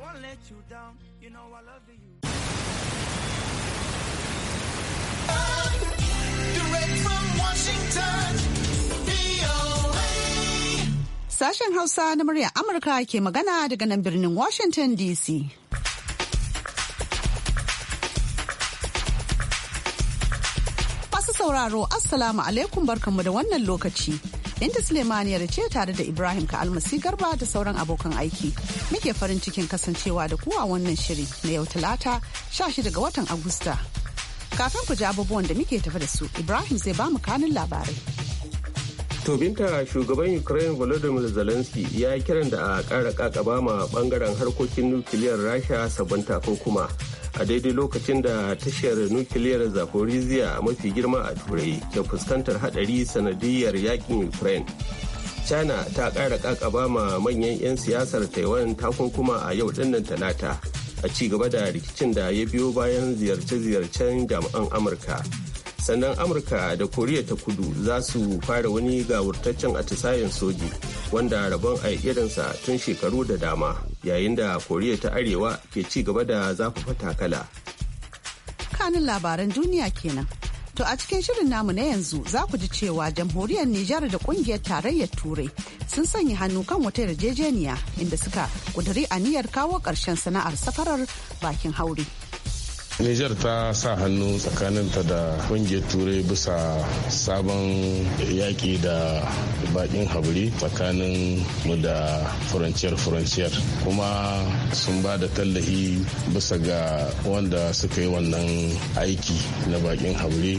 won't Sashen Hausa na muryar Amurka ke magana daga nan birnin Washington DC. sauraro Assalamu alaikum barkanmu da wannan lokaci. Binta Sulemaniyar ce tare da Ibrahim Ka'almasi Garba da sauran abokan aiki. Muke farin cikin kasancewa da kuwa wannan shiri na yau Talata 16 ga watan Agusta. Kafin ku ji abubuwan da muke tafi da su, Ibrahim zai ba mu kanin labarai. To binta shugaban Ukraine Volodymyr Zelensky ya yi kiran da a ƙara kakaba ma bangaren harkokin nukiliyar Rasha sabon takunkuma a daidai lokacin da tashar nukiliyar zaporizhia mafi girma a turai ke fuskantar hadari sanadiyar yakin ukraine china ta ƙara kakaba ma manyan 'yan siyasar taiwan takunkuma a yau dinnan talata a ci gaba da rikicin da ya biyo bayan ziyarce-ziyarcen jami'an amurka sannan amurka da koriya ta kudu za su fara wani gawurtaccen atisayen soji wanda rabon a irinsa tun shekaru da dama yayin da koriya ta arewa ke ci gaba da zafafa takala kanin labaran duniya kenan To a cikin shirin namu na yanzu za ku ji cewa jamhuriyar Nijar da kungiyar tarayyar Turai sun sanya hannu kan wata yarjejeniya inda suka kuduri aniyar kawo ƙarshen sana'ar safarar bakin haure. Nijar ta sa hannu tsakaninta da kungiyar turai bisa sabon yaƙi da baƙin haburi tsakanin mu da furanciyar furanciyar kuma sun ba da tallahi bisa ga wanda suka yi wannan aiki na baƙin haburi.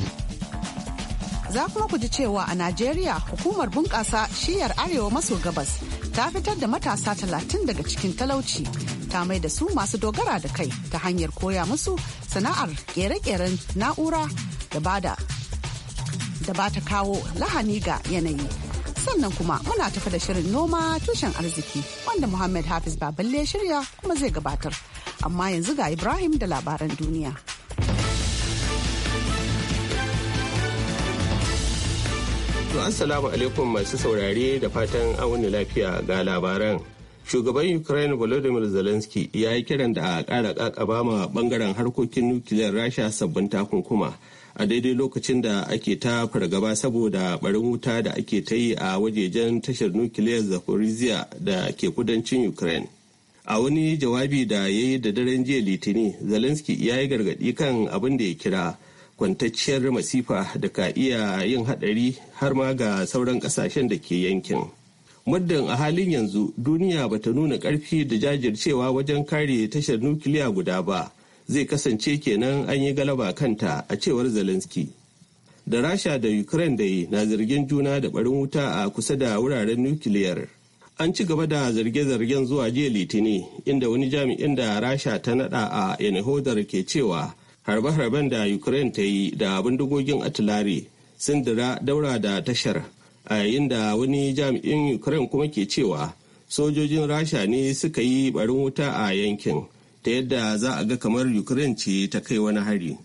za kuma ku ji cewa a Najeriya hukumar bunƙasa shiyar arewa maso gabas ta fitar da matasa talatin daga cikin talauci ta mai da su masu dogara da kai ta hanyar koya musu sana'ar kere-keren na'ura da bada ba ta kawo lahani ga yanayi sannan kuma muna tafi da shirin noma tushen arziki wanda muhammad hafiz baballe shirya kuma zai gabatar amma yanzu ga ibrahim da labaran duniya to assalamu alaikum masu saurare da fatan auni lafiya ga labaran shugaban ukraine volodymyr zelensky ya yi kiran da a ƙara ƙaƙaba ma ɓangaren harkokin nukiliyar rasha sabbin takunkuma a daidai lokacin da ake ta fargaba saboda barin wuta da ake ta yi a wajejen tashar nukiliyar zaporizhia da ke kudancin ukraine a wani jawabi da ya yi da daren jiya litini zelensky ya yi gargadi kan abin da ya kira kwantacciyar masifa da ka iya yin haɗari har ma ga sauran ƙasashen da ke yankin muddin a halin yanzu duniya ba ta nuna ƙarfi da jajircewa wajen kare tashar nukiliya guda ba zai kasance kenan an yi galaba kanta a cewar zelensky da rasha da ukraine da yi na zargin juna da barin wuta a kusa da wuraren nukiliyar an ci gaba da zarge-zargen zuwa jiya litini inda wani jami'in da rasha ta nada a yanahodar ke cewa harbe-harben da ukraine ta yi da bindigogin atilari sun daura da tashar a yayin da wani jami'in ukraine kuma ke cewa sojojin rasha ne suka yi barin wuta a yankin ta yadda za a ga kamar ukraine ce ta kai wani hari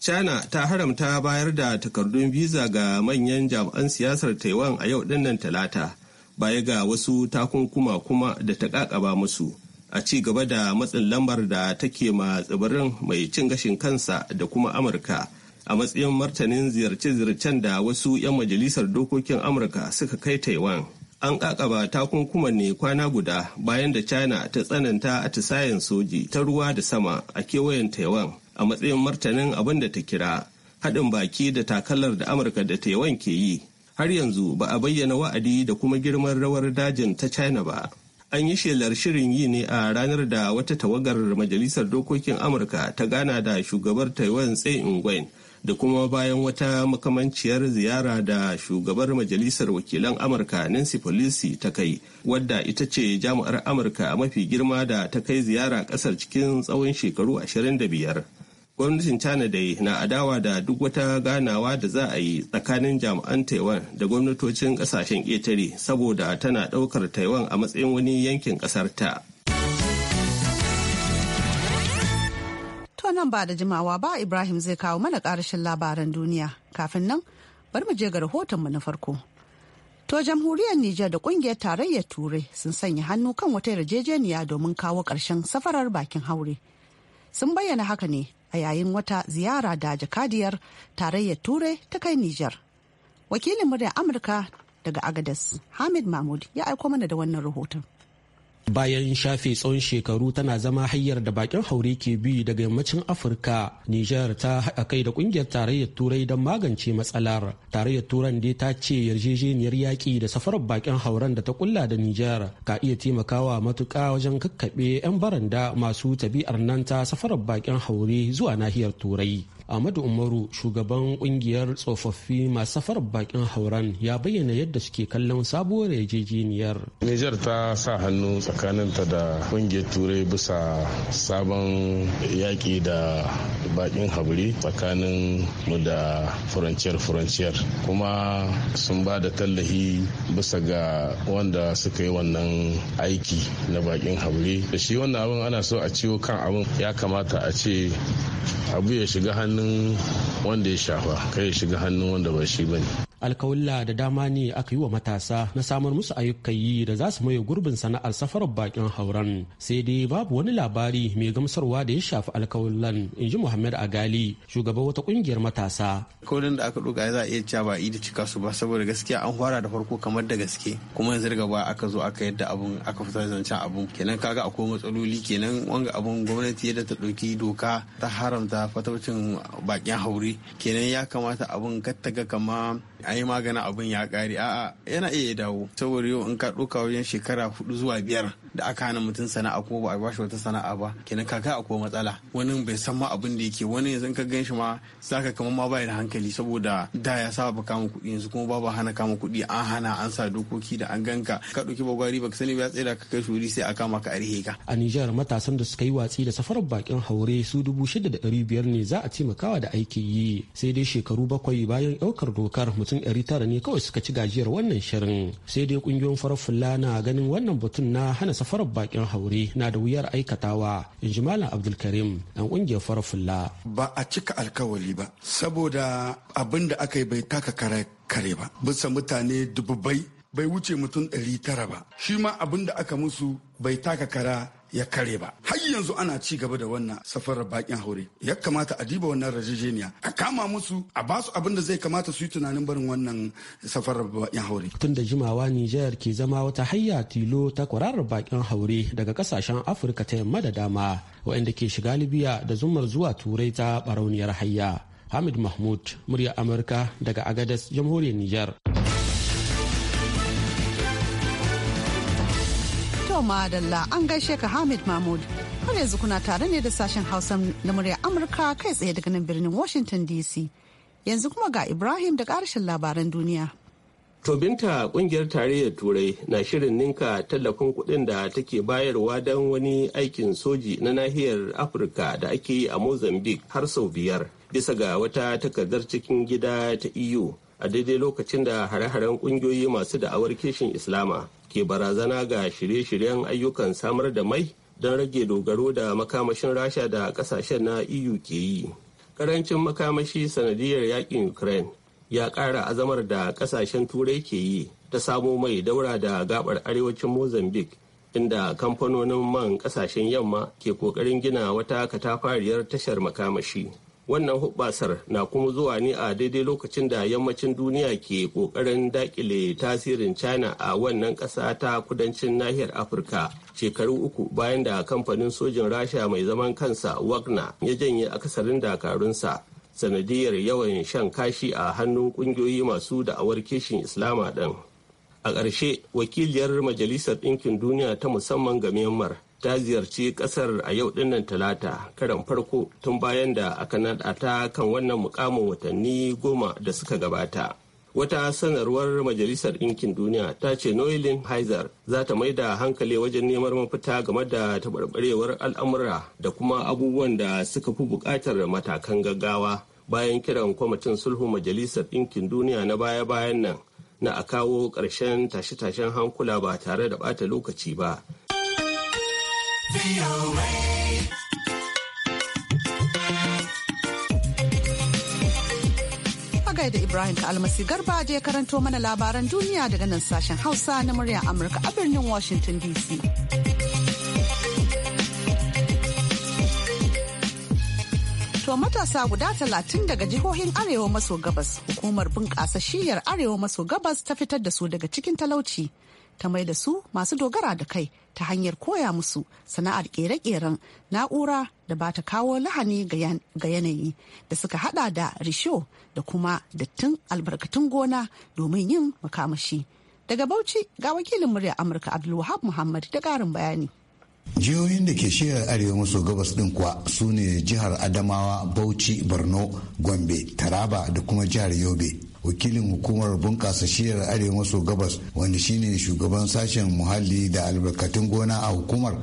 china ta haramta bayar da takardun visa ga manyan jami'an siyasar taiwan a yau dinnan talata baya ga wasu takunkuma kuma da ta kakaba musu a ci gaba da matsin lambar da take ma tsibirin mai cin gashin kansa da kuma amurka a matsayin martanin ziyarce-ziyarcen da wasu 'yan majalisar dokokin amurka suka kai taiwan an kakaba takunkuma ne kwana guda bayan da china ta tsananta atisayen soji ta ruwa da sama a kewayen taiwan a matsayin martanin abin da ta kira haɗin baki da takalar da amurka da taiwan ke yi har yanzu ba a bayyana wa'adi da kuma girman rawar dajin ta china ba an yi shelar shirin yi ne a ranar da wata tawagar majalisar dokokin amurka ta gana da shugabar taiwan tse ingwen da kuma bayan wata makamanciyar ziyara da shugabar majalisar wakilan amurka nancy pelosi ta kai wadda ita ce jami'ar amurka mafi girma da ta kai ziyara kasar cikin tsawon shekaru 25 gwamnatin china dai na adawa da duk wata ganawa da za a yi tsakanin jami'an taiwan da gwamnatocin kasashen ƙetare saboda tana ɗaukar taiwan a matsayin wani yankin ƙasarta. ta nan ba da jimawa ba Ibrahim zai kawo mana ƙarashin labaran duniya. Kafin nan, bari mu je ga rahotonmu na farko. To jamhuriyar Nijar da kungiyar tarayyar Turai sun sanya hannu kan wata yarjejeniya domin kawo ƙarshen safarar bakin haure. Sun bayyana haka ne a yayin wata ziyara da jakadiyar tarayyar Turai ta kai Nijar. Wakilin muryar Amurka daga Agadas Hamid Mahmud ya aiko mana da wannan rahoton. bayan shafe tsawon shekaru tana zama hanyar da bakin haure ke bi daga yammacin afirka niger ta haɗa kai da ƙungiyar tarayyar turai don magance matsalar tarayyar turan dai ta ce yarjejeniyar yaƙi da safarar bakin hauren da ta kulla da niger ka iya taimakawa matuka wajen kakkaɓe 'yan baranda masu tabi'ar nan ta safarar bakin haure zuwa nahiyar turai Ahmadu Umaru shugaban kungiyar tsofaffi masu safar bakin hauran ya bayyana yadda suke kallon sabuwar yarjejeniyar. Nijar ta sa hannu tsakaninta da kungiyar turai bisa sabon yaƙi da bakin haburi tsakanin mu da furanciyar furanciyar kuma sun ba da tallahi bisa ga wanda suka yi wannan aiki na bakin haburi da shi wannan abin ana so a ciwo kan abin ya kamata a ce abu ya shiga hannu hannun wanda ya shafa kai shiga hannun wanda ba shi bane alkawulla da dama ne aka yi wa matasa na samar musu ayyukan yi da za su maye gurbin sana'ar safarar bakin hauren sai dai babu wani labari mai gamsarwa da ya shafi alkawullan in ji muhammad agali shugaban wata kungiyar matasa kawulin da aka ɗuga za a iya cewa ba da cika su ba saboda gaskiya an fara da farko kamar da gaske kuma yanzu daga baya aka zo aka yadda abun aka fitar zancen abun kenan kaga akwai matsaloli kenan wanga abun gwamnati yadda ta ɗauki doka ta haramta fataucin bakin haure kenan ya kamata abun kattaga kama a yi magana abin ya kare a'a yana iya dawo saboda yau in ka ɗauka wajen shekara hudu zuwa biyar da aka hana mutum sana'a ko ba a bashi wata sana'a ba kenan kaka akwai matsala wani bai san ma abin da yake wani yanzu ka gan shi ma zaka kamar ma bai da hankali saboda da ya saba kama kuɗi yanzu kuma babu hana kama kuɗi an hana an sa dokoki da an ganka ka ɗauki bagwari baka sani ba tsaye ka kai shuri sai a kama ka a ka. A Nijar matasan da suka yi watsi da safarar bakin haure su dubu shida da ɗari biyar ne za a taimakawa da aiki yi sai dai shekaru bakwai bayan ɗaukar dokar mutum ɗari tara ne kawai suka ci gajiyar wannan shirin sai dai ƙungiyoyin farar fulla na ganin wannan batun na hana safarar bakin haure na da wuyar aikatawa in ji malam abdulkarim dan kungiyar farar fulla ba a cika alkawali ba saboda abin da aka yi bai taka kare kare ba bisa mutane dubbai bai wuce mutum ɗari tara ba shi ma abin da aka musu bai taka kara ya kare ba har yanzu ana ci gaba da wannan safarar bakin haure ya kamata a diba wannan rajajeniya a kama musu a ba su abin da zai kamata su yi tunanin barin wannan safarar bakin haure tun da jimawa Nijar ke zama wata hayya tilo ta kwararar bakin haure daga kasashen Afirka ta yamma da dama waɗanda ke shiga Libya da zumar zuwa Turai ta barauniyar hayya Hamid Mahmud murya Amurka daga Agadez jamhuriyar Nijar da madalla an gaishe ka Hamid Mahmud. Har yanzu kuna tare ne da sashen Hausa na murya Amurka kai tsaye daga nan birnin Washington DC. Yanzu kuma ga Ibrahim da ƙarshen labaran duniya. To binta kungiyar tarayyar turai na shirin ninka tallafin kuɗin da take bayarwa don wani aikin soji na nahiyar Afirka da ake yi a Mozambique har sau biyar bisa ga wata takardar cikin gida ta EU a daidai lokacin da hare-haren kungiyoyi masu da'awar kishin islama ke barazana ga shirye-shiryen ayyukan samar da mai don rage dogaro da makamashin rasha da kasashen na eu ke yi karancin makamashi sanadiyar yakin ukraine ya kara azamar da kasashen turai ke yi ta samo mai daura da gabar arewacin mozambique inda kamfanonin man kasashen yamma ke kokarin gina wata katafariyar tashar makamashi wannan hubbasar na kuma zuwa ne a daidai lokacin da yammacin duniya ke kokarin dakile tasirin china a wannan kasa ta kudancin nahiyar afirka shekaru uku bayan da kamfanin sojin rasha mai zaman kansa wagner ya janye akasarin dakarunsa sanadiyar yawan shan kashi a hannun kungiyoyi masu da'awar kishin islama ɗin a ƙarshe wakiliyar majalisar ɗinkin duniya ta musamman ga myanmar ta ziyarci kasar a yau dinnan talata karan farko tun bayan da aka naɗa ta kan wannan mukamin watanni goma da suka gabata wata sanarwar majalisar ɗinkin duniya ta ce noelin heiser za ta mai da hankali wajen neman mafita game da taɓarɓarewar al'amura da kuma abubuwan da suka fi buƙatar matakan gaggawa bayan kiran kwamitin sulhu majalisar ɗinkin duniya na baya-bayan nan na a kawo ƙarshen tashe-tashen hankula ba tare da bata lokaci ba da Ibrahim ta almasi garba je karanto mana labaran duniya daga nan sashen Hausa na muryar Amurka a birnin Washington DC. To matasa guda talatin daga jihohin Arewa maso gabas, hukumar bunƙasa shiyar Arewa maso gabas ta fitar da su daga cikin talauci ta mai da su masu dogara da kai ta hanyar koya musu sana'ar kere-keren na'ura da ba ta kawo lahani ga yanayi da suka hada da risho da kuma dattin albarkatun gona domin yin makamashi daga bauchi ga wakilin murya amurka abdulwahab muhammad da karin bayani jihohin da ke shirya arewa maso gabas din kuwa su ne jihar adamawa bauchi borno gombe taraba da kuma jihar yobe wakilin hukumar bunkasa shiyar arewa maso gabas wanda shine shugaban sashen muhalli da albarkatun gona a hukumar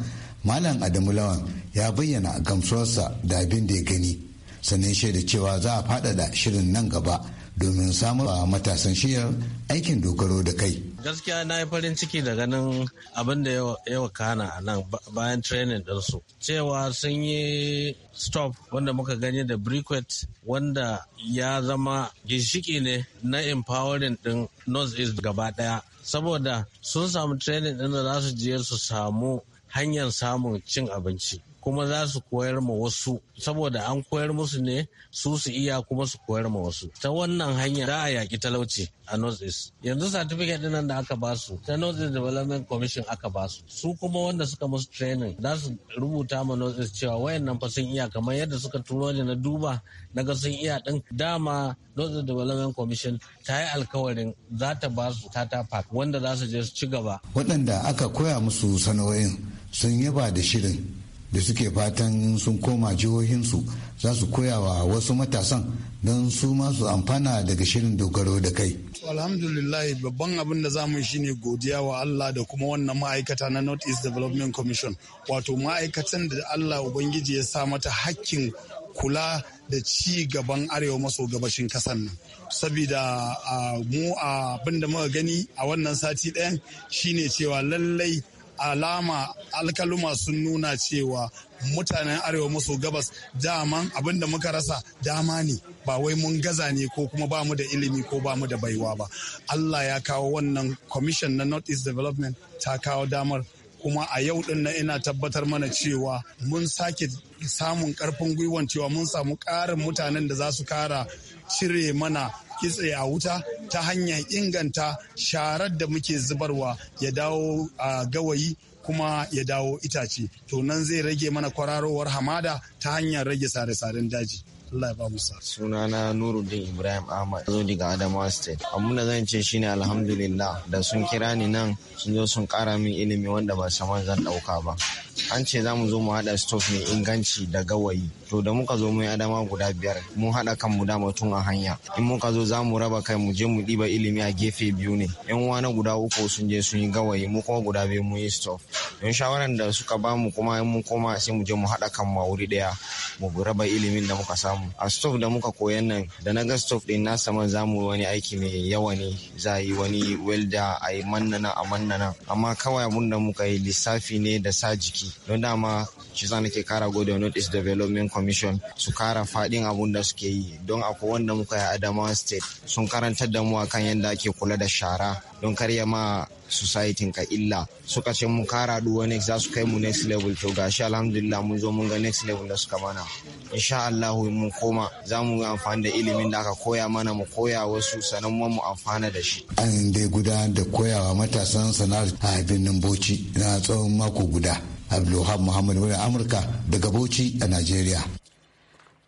malam adamu lawan ya bayyana gamsuwarsa da abin da ya gani sannan shaida cewa za a faɗaɗa shirin nan gaba domin samun matasan shiyar aikin dogaro da kai gaskiya na yi farin ciki da ganin abin da yawa kana a nan bayan training ɗinsu cewa sun yi stop wanda muka gani da briquet wanda ya zama ginshiki ne na empowering ɗin north east gaba ɗaya saboda sun samu training ɗin da za su je su samu hanyar samun cin abinci kuma za su koyar ma wasu saboda an koyar musu ne su su iya kuma su koyar ma wasu ta wannan hanya za a yaki talauci a north east yanzu certificate nan da aka basu ta north east development commission aka basu su kuma wanda suka musu training za su rubuta ma north east cewa wayannan fa sun iya kamar yadda suka turo ni na duba naga sun iya din dama north east development commission ta yi alkawarin za ta basu tata park wanda za su je su ci gaba waɗanda aka koya musu sana'o'in sun yaba da shirin da suke fatan sun koma jihohinsu za su koya wa wasu matasan don su masu amfana daga shirin dogaro da kai. alhamdulillah babban abin da za mu shi ne godiya wa Allah da kuma wannan ma'aikata na north east development commission wato ma'aikatan da Allah ubangiji ya sa mata hakkin kula da ci gaban arewa maso gabashin kasan nan sabida mu abin da muka gani a wannan sati ɗayan shine cewa lallai alama alkaluma sun nuna cewa mutanen arewa maso gabas daman abinda muka rasa dama ne ba wai mun gaza ne ko kuma ba mu da ilimi ko ba mu da baiwa ba allah ya kawo wannan commission na north east development ta kawo damar kuma a yau din na ina tabbatar mana cewa mun sake samun karfin gwiwan cewa mun samu karin mutanen da za su kara cire mana kitse a wuta ta hanyar inganta sharar da muke zubarwa ya dawo a gawayi kuma ya dawo itace to nan zai rage mana kwararowar hamada ta hanyar rage sare-saren daji Allah ya ba mu sa sunana Nuruddin Ibrahim Ahmad zo daga Adamawa State amma zan ce shine alhamdulillah da sun kira ni nan sun zo sun kara min ilimi wanda ba saman zan dauka ba an ce za mu zo mu haɗa stof mai inganci da gawayi to da muka zo mu adama guda biyar mun haɗa kan mu dama tun a hanya in muka zo za mu raba kai mu je mu ɗiba ilimi a gefe biyu ne yan wana guda uku sun je sun yi gawayi mu kuma guda biyu mun yi stof don shawaran da suka ba mu kuma mun koma sai mu je mu haɗa kan mu a wuri ɗaya mu raba ilimin da muka samu a stove da muka koyan nan da na ga stove din na saman zamu wani aiki mai yawa ne za yi wani welda a yi mannana a mannana amma kawai abun da muka yi lissafi ne da sa jiki don dama shi za nake kara gode North East Development Commission su kara fadin abun da suke yi don akwai wanda muka yi Adamawa State sun karantar da mu akan yadda ake kula da shara don kar ya ma society ka illa suka ce mu kara duwa next za su kai mu next level to gashi alhamdulillah mun zo mun ga next level da suka mana insha Allah mun koma za mu yi amfani da ilimin da aka koya mana mu koya wasu sanan mu amfana da shi an dai gudanar da koyawa matasan sana'ar a birnin Bauchi na tsawon mako guda Abdulwahab Muhammad wani Amurka daga Bauchi a Najeriya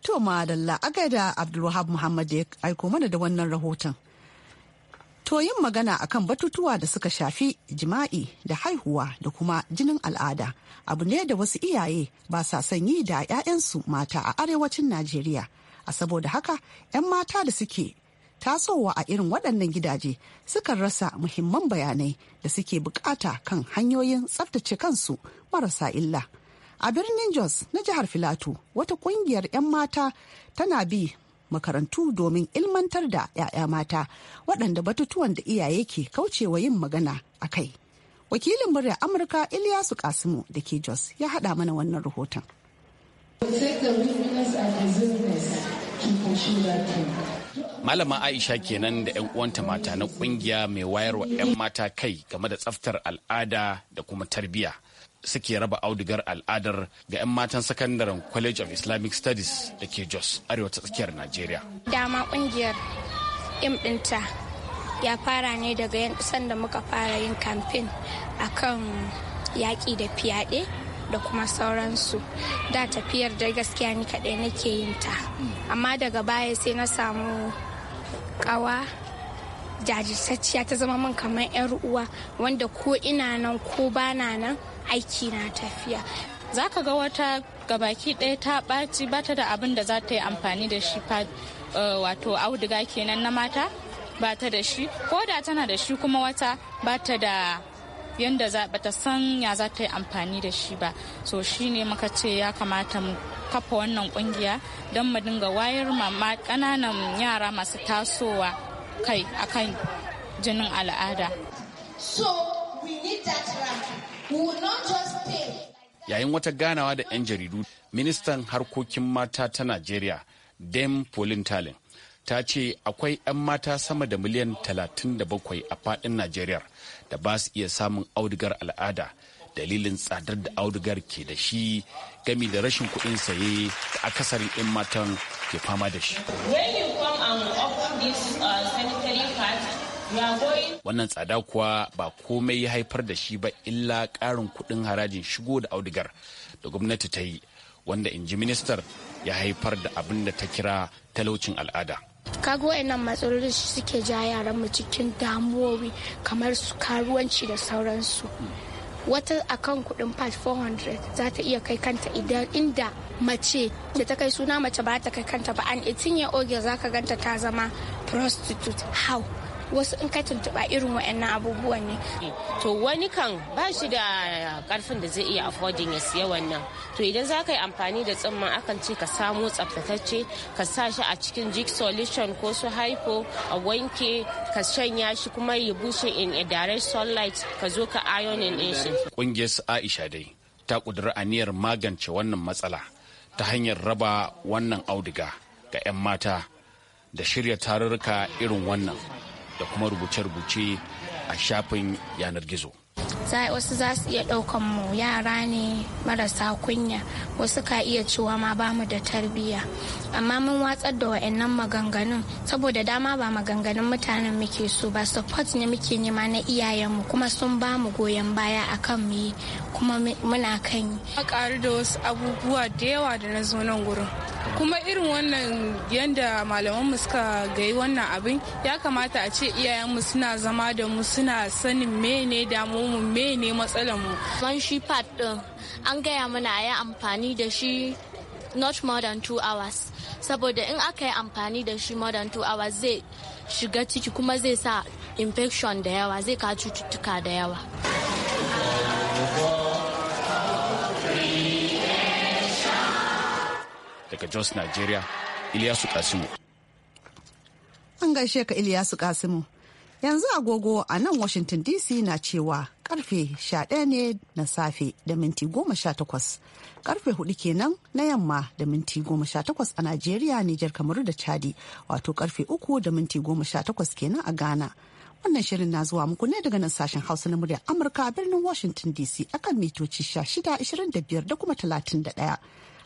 to madalla agada Abdulwahab Muhammad ya aiko mana da wannan rahoton to yin magana akan batutuwa da suka shafi jima'i da haihuwa da kuma jinin al'ada abu ne da wasu iyaye ba sa son yi da 'ya'yansu mata a arewacin najeriya a saboda haka 'yan mata da suke tasowa a irin waɗannan gidaje sukan rasa muhimman bayanai da suke bukata kan hanyoyin tsaftace kansu marasa illa a birnin jos na jihar filato wata ƙungiyar 'yan mata tana bi makarantu domin ilmantar da 'ya'ya mata waɗanda batutuwan da iyaye ke kaucewa yin magana a kai. Wakilin murya Amurka iliyasu Kasimu da ke Jos ya haɗa mana wannan rahoton. Malama Aisha kenan da 'yan uwanta mata na kungiya mai wayarwa 'yan mata kai game da tsaftar al'ada da kuma tarbiyya. suke raba audigar al'adar ga 'yan matan sakandaren college of islamic studies da ke jos arewa ta tsakiyar nigeria. dama kungiyar imdinta ya fara ne daga yan da muka fara yin kamfen kan yaƙi da fyaɗe da kuma sauransu da tafiyar da gaskiya ni kaɗai nake yin ta amma daga baya sai na samu kawa. jajirtacciya ta zama man kamar 'yar uwa wanda ko ina nan ko bana nan aiki na tafiya za ka ga wata gabaki ɗaya ta ɓaci ba ta da abin da za ta yi amfani da shi eh, wato auduga kenan na mata ba ta da shi ko da tana da shi kuma wata ba ta da yadda za ta san ya za ta yi amfani da shi ba so shi ne muka ce ya kamata mu kafa wannan kungiya don mu dinga wayar ma ƙananan yara masu tasowa kai akan jinin al'ada. So we need that right. We will not just stay. Yayin wata ganawa da 'yan jaridu, ministan harkokin mata ta Najeriya, Dem Pauline Talin, ta ce akwai 'yan mata sama da miliyan 37 a faɗin Najeriya da ba su iya samun audugar al'ada dalilin tsadar da audugar ke da shi gami da rashin kuɗin saye da akasarin 'yan matan ke fama da shi. When you come and offer this uh, Wannan tsada kuwa ba komai ya haifar da shi ba illa karin kudin harajin shigo da audigar da gwamnati ta yi wanda in ji ministar ya haifar da abin da ta kira talaucin al'ada. kaga nan matsalolin suke ja yaran mu cikin damuwowi kamar su karuwanci da sauransu wata akan kudin pat 400 za ta iya kai kanta idan inda mace da ta kai suna mace ba ta kai kanta ba an itin ya oge za ka ganta ta zama prostitute how wasu in ka tuntuɓa irin waɗannan abubuwan ne. To wani kan ba shi da karfin da zai iya affording ya siya wannan. To idan za ka yi amfani da tsimman akan ce ka samo tsaftatacce ka sa shi a cikin jig solution ko su haifo a wanke ka shanya shi kuma ya bushe in a direct sunlight ka zo ka ironing din shi. Kungiyar Aisha dai ta kudura aniyar magance wannan matsala ta hanyar raba wannan auduga ga 'yan mata da shirya tarurruka irin wannan. da kuma rubuce-rubuce a shafin yanar gizo. wasu za su iya ɗaukan mu yara ne marasa kunya wasu ka iya cewa ma ba mu da tarbiyya amma mun watsar da wa'annan maganganun saboda dama ba maganganun mutanen muke so ba support ne muke nema na iyayenmu kuma sun ba mu goyon baya akan mu yi kuma muna kan yi. a ƙaru da wasu abubuwa da yawa da na zo nan gurin kuma irin wannan yadda malamanmu suka gayi wannan abin ya kamata a ce iyayenmu suna zama da mu suna sanin mene damu mu me ne matsalar mu man shi pad din an gaya mana a yi amfani da shi not more than two hours saboda in aka yi amfani da shi more than two hours zai shiga ciki kuma zai sa infection da yawa zai ka cututtuka da yawa daga jos nigeria iliyasu kasimu an gaishe ka iliyasu kasimu yanzu agogo a nan washington dc na cewa karfe 11 ne na safe da minti goma 18 karfe 4 kenan na yamma da minti sha takwas a Najeriya, Nijar, Kamaru da Chadi wato karfe uku da minti goma sha takwas kenan a Ghana. Wannan shirin na zuwa muku ne daga nan sashen Hausa na muryar Amurka a birnin Washington DC akan mitoci shida 25 da biyar da kuma talatin da 31.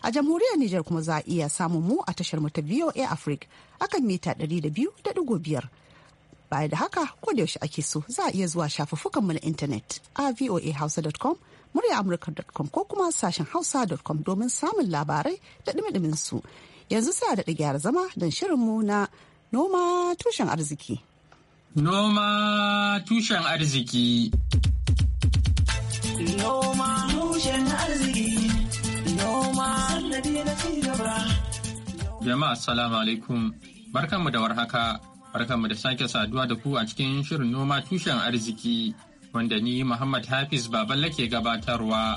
a jamhuriyar Nijar kuma za a iya samun mu a tashar mu ta VOA Africa akan mita da da biyu biyar. Baya da haka ko da yaushe ake so za a iya zuwa shafuffukan mu na intanet a voahausa.com muryaamurka.com ko kuma sashen hausa.com domin samun labarai da dumi su. Yanzu sa da daɗa zama don shirinmu na noma tushen arziki. Noma tushen arziki. Noma tushen arziki. Noma na Jama'a salamu alaikum. Barkanmu da warhaka. Barkanmu da sake saduwa da ku a cikin shirin noma tushen arziki wanda ni Muhammad Hafiz Baballe ke gabatarwa.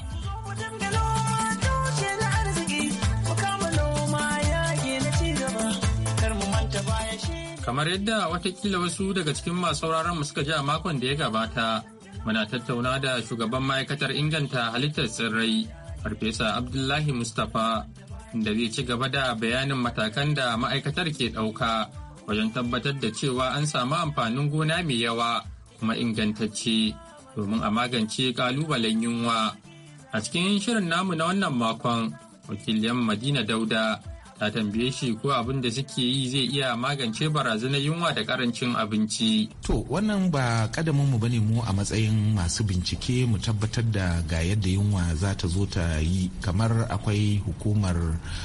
Kamar yadda watakila wasu daga cikin masu mu suka ji a makon da ya gabata, muna tattauna da shugaban ma'aikatar inganta halittar tsirrai, Farfesa Abdullahi Mustapha, da zai ci gaba da bayanin matakan da ma'aikatar ke ɗauka. wajen tabbatar da cewa an samu amfanin gona mai yawa kuma ingantacce domin a magance kalubalen yunwa. A cikin shirin namu na wannan makon, wakiliyan Madina Dauda na tambaye shi ko abin da suke yi zai iya magance barazanar yunwa da karancin abinci. To wannan ba kadamin mu bane mu a matsayin masu bincike mu tabbatar da ga yadda yunwa za ta zo ta yi kamar akwai hukumar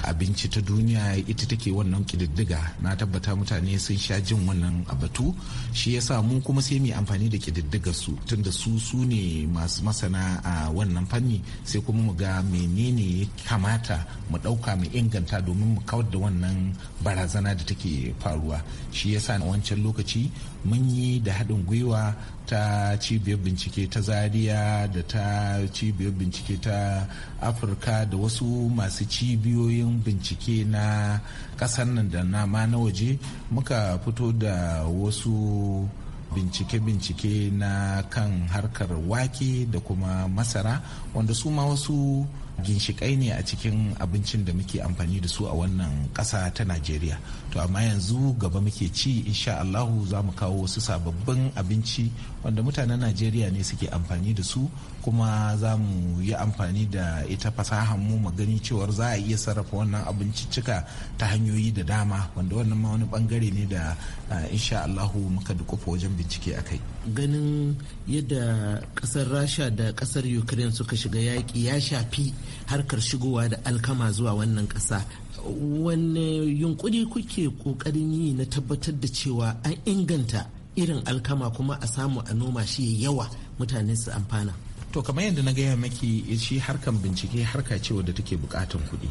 abinci ta duniya ita take wannan kididdiga na tabbata mutane sun sha jin wannan abatu shi yasa mu kuma sai mu amfani da kididdiga su tunda su su ne masu masana a wannan fanni sai kuma mu ga menene kamata mu dauka mu inganta domin mu kawar da wannan barazana da take faruwa shi yasa na wancan lokaci mun yi da haɗin gwiwa ta cibiyar bincike ta zaria da ta cibiyar bincike ta afirka da wasu masu cibiyoyin bincike na ƙasar nan da nama na waje muka fito da wasu bincike-bincike na kan harkar wake da kuma masara wanda su ma wasu ginshikai ne a cikin abincin da muke amfani da su a wannan ƙasa ta najeriya to amma yanzu gaba muke ci insha allahu za mu kawo wasu sababbin abinci wanda mutanen najeriya ne suke amfani da su kuma za mu yi amfani da ita fasahar mu mu gani cewar za a iya sarrafa wannan abinciccika ta hanyoyi da dama wanda wannan ma wani bangare ne da eh, insha allahu muka dukufa wajen bincike a kai ganin yadda kasar rasha da kasar ukraine suka shiga yaƙi ya shafi harkar shigowa da alkama zuwa wannan ƙasa wanne yunkuri kuke ƙoƙarin yi na tabbatar da cewa an inganta irin alkama kuma a samu a noma shi yawa mutane su amfana to kamar yadda na gaya maki shi harkan bincike harka ce wadda take bukatan kuɗi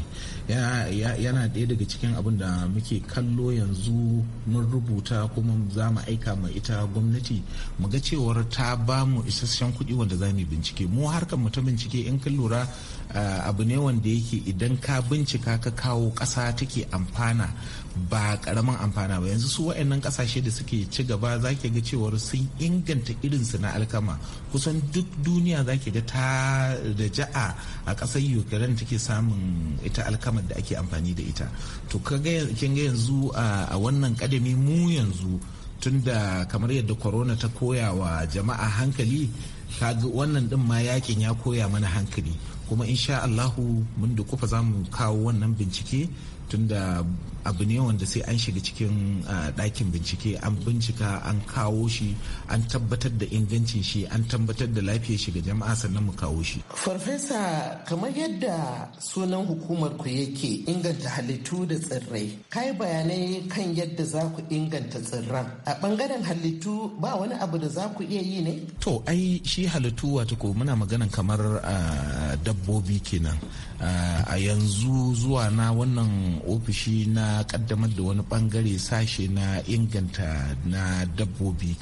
yana ɗaya daga cikin abin da muke kallo yanzu mun rubuta kuma za mu aika ma ita gwamnati mu ga cewar ta ba mu isasshen kuɗi wanda za mu bincike mu harkan mu ta bincike in kan lura eh, abu ne wanda yake idan ka bincika ka kawo ƙasa take amfana ba karamin amfana ba yanzu su wa'annan kasashe da suke ci gaba za ke ga cewar sun inganta irinsu na alkama kusan duk duniya za ke ga ta da ja'a a ƙasar ukraine take samun ita alkamar da ake amfani da ita to kin ga yanzu a wannan kadami mu yanzu tun da kamar yadda corona ta koya wa jama'a hankali wannan din ma yakin ya koya mana hankali kuma insha Allahu mun da kufa za mu kawo wannan bincike tunda abu ne wanda sai an shiga cikin ah, ɗakin bincike an bincika an kawo shi an tabbatar da ingancin shi an tabbatar da lafiyar shi ga jama'a sannan mu kawo shi. farfesa kamar yadda sunan hukumar ku yake inganta halittu da tsirrai kai bayanai kan yadda za ku inganta tsirran a bangaren halittu ba wani abu da za ku iya yi ne. to ai shi halittu wato ko muna magana kamar uh, dabbobi kenan ah, a yanzu zuwa na wannan ofishi na kaddamar da wani bangare sashe na inganta na dabbobi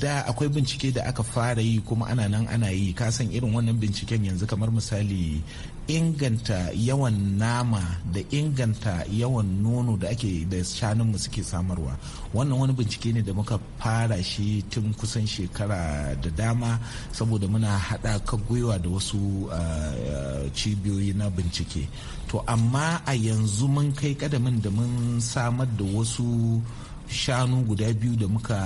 da akwai bincike da aka fara yi kuma ana nan ana yi kasan irin wannan binciken yanzu kamar misali inganta yawan nama da inganta yawan nono da ake da shanunmu suke samarwa wannan wani bincike ne da muka fara shi tun kusan shekara da dama saboda muna haɗa ka gwiwa da wasu ah, ah, cibiyoyi na bincike to amma a yanzu mun kai kadamin da mun samar da wasu shanu guda biyu da muka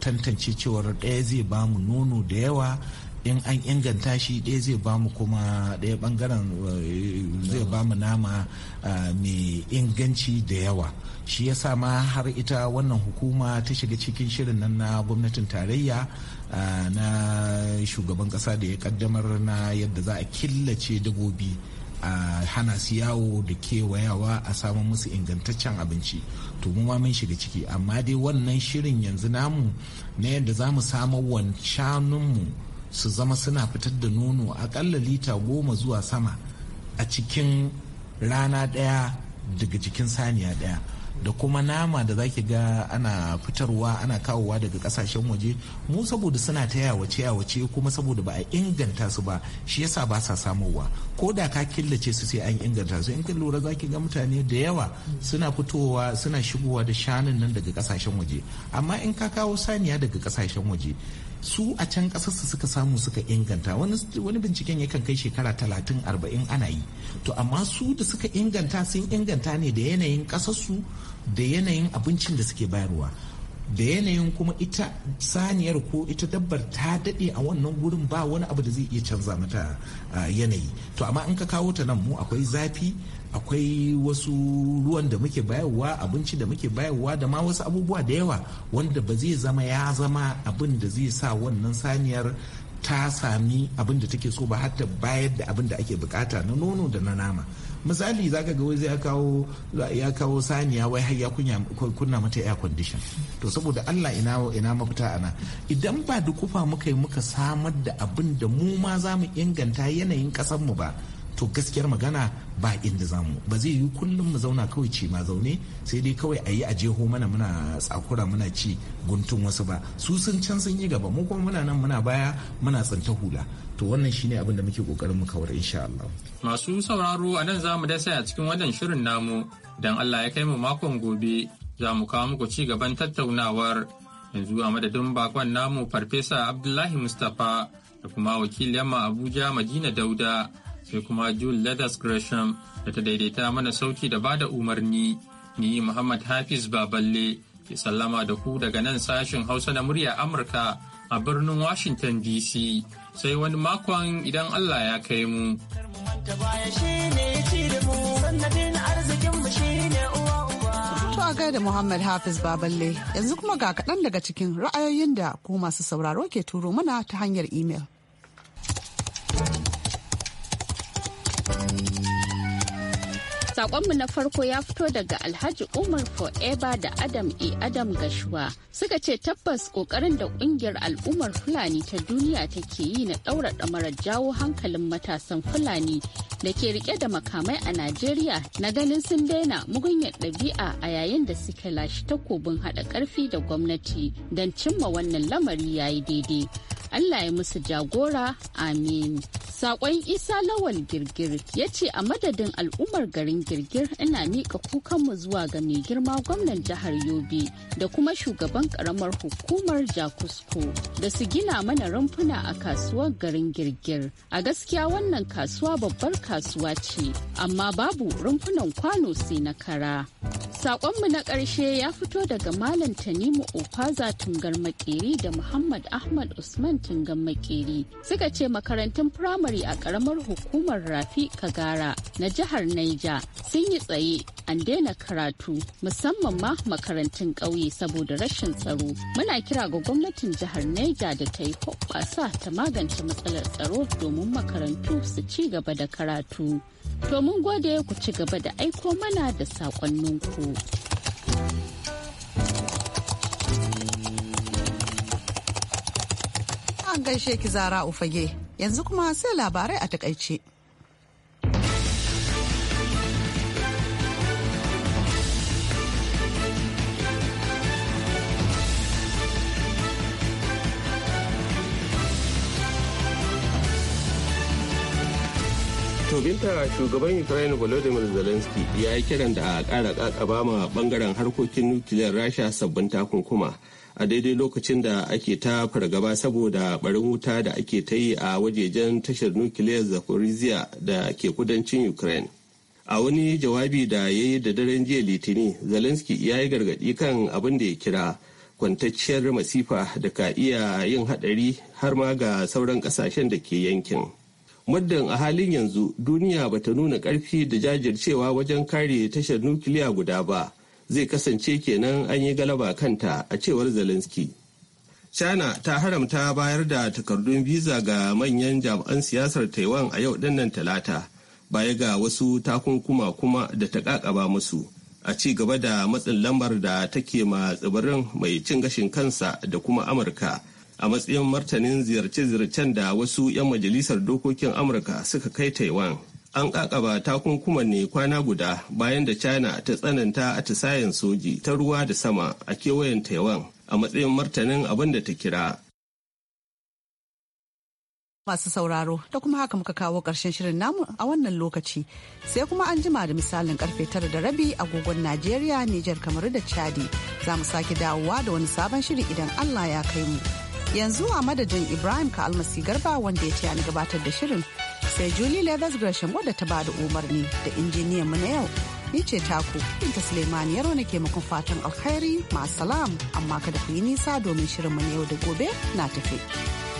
tantance cewar ɗaya zai bamu nono da yawa in an inganta shi ɗaya zai ba mu kuma ɗaya ɓangaren eh, zai ba mu nama eh, mai inganci da yawa shi ya sa ma har ita wannan hukuma ta shiga cikin shirin nan na gwamnatin tarayya eh, na shugaban ƙasa da ya kaddamar na yadda za a killace dabobi a hana su yawo da kewayawa a samun musu ingantaccen abinci to mu ma mun shiga ciki amma dai wannan shirin yanzu namu na yadda za mu samu wancanunmu su zama suna fitar da nono akalla lita goma zuwa sama a cikin rana ɗaya daga cikin saniya ɗaya da kuma nama da zaki ga ana fitarwa ana kawowa daga kasashen waje mu saboda suna ta yawace yawace kuma saboda ba a inganta su ba shi yasa ba sa samowa ko da ka killace su sai an inganta su in kin lura zaki ga mutane da yawa suna fitowa suna shigowa da shanun nan daga kasashen waje amma in ka kawo saniya daga kasashen waje su a can kasarsu suka samu suka inganta wani binciken yakan kai shekara talatin arba'in ana yi to amma su da suka inganta sun inganta ne da yanayin kasarsu da yanayin abincin da suke bayarwa da yanayin kuma ita saniyar ko ita dabbar ta daɗe a wannan gurin ba wani abu da zai iya canza mata yanayi to amma in ka kawo ta nan mu akwai zafi akwai wasu ruwan da muke bayarwa abinci da muke bayarwa da ma wasu abubuwa da yawa wanda ba zai zama ya zama abin da zai sa wannan saniyar ta sami abin da take so ba har ta bayar da abin da ake bukata na nono da na nama misali za ka ga wai zai ya kawo saniya wai har ya kunna mata air condition to saboda Allah ina ina mafita ana idan ba dukufa muka yi muka samar da abin da mu ma za mu inganta yanayin kasar mu ba to gaskiyar magana ba inda zamu ba zai yi kullum mu zauna kawai ce ma zaune sai dai kawai a yi a jeho mana muna tsakura muna ci guntun wasu ba su sun can sun yi gaba mu kuma muna nan muna baya muna tsinta hula to wannan shine abin da muke kokarin mu kawar insha Allah masu sauraro a nan zamu dai sai a cikin wannan shirin namu dan Allah ya kai mu makon gobe za mu kawo muku ci gaban tattaunawar yanzu a madadin bakon namu farfesa Abdullahi Mustapha da kuma wakiliyar Abuja Madina Dauda sai kuma Jule Leathers Gresham da ta daidaita mana sauki da bada umarni. Ni Muhammad Hafiz Baballe ke sallama da ku daga nan sashen Hausa na murya Amurka a birnin Washington DC. Sai wani makon idan Allah ya kai mu. a gaida Muhammad Hafiz Baballe yanzu kuma ga kaɗan daga cikin ra'ayoyin da ku masu sauraro ke turo mana ta hanyar imel. Sakonmu na farko ya fito daga Alhaji Umar Forever da Adam E. Adam Gashuwa suka ce tabbas kokarin da kungiyar al'ummar Fulani ta duniya take yi na ɗaura ɗamarar jawo hankalin matasan Fulani da ke rike da makamai a Najeriya na ganin sun daina mugunyar ɗabi'a a yayin da suka lashe takobin haɗa ƙarfi da gwamnati don cimma wannan lamari yayi daidai. Allah ya musu jagora amin. Sakon Isa Lawal Girgir ya ce a madadin al'ummar garin Girgir ina miƙa kukanmu zuwa ga mai girma gwamnan jihar Yobe da kuma shugaban ƙaramar hukumar Jakusko da su gina mana rumfuna a kasuwar garin Girgir. A gaskiya wannan kasuwa babbar kasuwa ce amma babu rumfunan kwano sai na kara. Sakonmu na ƙarshe ya fito daga Malam Tanimu Opaza Tungar Makeri da Muhammad Ahmad Usman Ibrahim suka ce makarantun firamare a karamar hukumar Rafi Kagara na jihar Naija sun yi tsaye an daina karatu musamman ma makarantun ƙauye saboda rashin tsaro. Muna kira ga gwamnatin jihar Naija da ta yi hoɓɓasa ta magance matsalar tsaro domin makarantu su ci gaba da karatu. To mun gode ku ci gaba da aiko mana da saƙonninku. an gaishe ki zara ufage yanzu kuma sai labarai a takaice. tobinta shugaban ukraine volodymyr zelensky ya yi kiran da a kara kakaba ma bangaren harkokin nukiliyar rasha sabbin takunkuma a daidai lokacin da ake ta fargaba saboda barin wuta da ake ta yi a wajejen tashar nukiliyar zaporizhia da ke kudancin ukraine a wani jawabi da ya yi da daren jiya litini zelensky ya yi gargadi kan abin da ya kira kwantacciyar masifa da ka iya yin hadari har ma ga sauran kasashen da ke yankin muddin a halin yanzu duniya bata nuna karfi da jajircewa wajen kare tashar nukiliya guda ba zai kasance kenan an yi galaba kanta a cewar zelensky china ta haramta bayar da takardun visa ga manyan jami'an siyasar taiwan a yau dinnan talata baya ga wasu takunkuma kuma da ta kakaba musu a ci gaba da matsin lambar da take ma tsibirin mai cin gashin kansa da kuma amurka a matsayin martanin ziyarce-ziyarcen da wasu 'yan majalisar dokokin amurka suka kai taiwan an kakaba takunkuman ne kwana guda bayan da china ta tsananta atisayen soji ta ruwa da sama a kewayen taiwan a matsayin martanin abin da ta kira masu sauraro da kuma haka muka kawo ƙarshen shirin namu a wannan lokaci sai kuma an jima da misalin karfe tara da rabi agogon najeriya nijar kamar da chadi za mu sake dawowa da wani sabon shiri idan allah ya kai mu yanzu a madadin ibrahim ka almasi garba wanda ya ce an gabatar da shirin sai Julie Leathers Gresham wadda ta bada umarni da injiniyan mu na yau. Ni ce taku Binta Suleiman yaro ke makon fatan alkhairi ma salam amma kada ku yi nisa domin shirin mu na yau da gobe na tafi.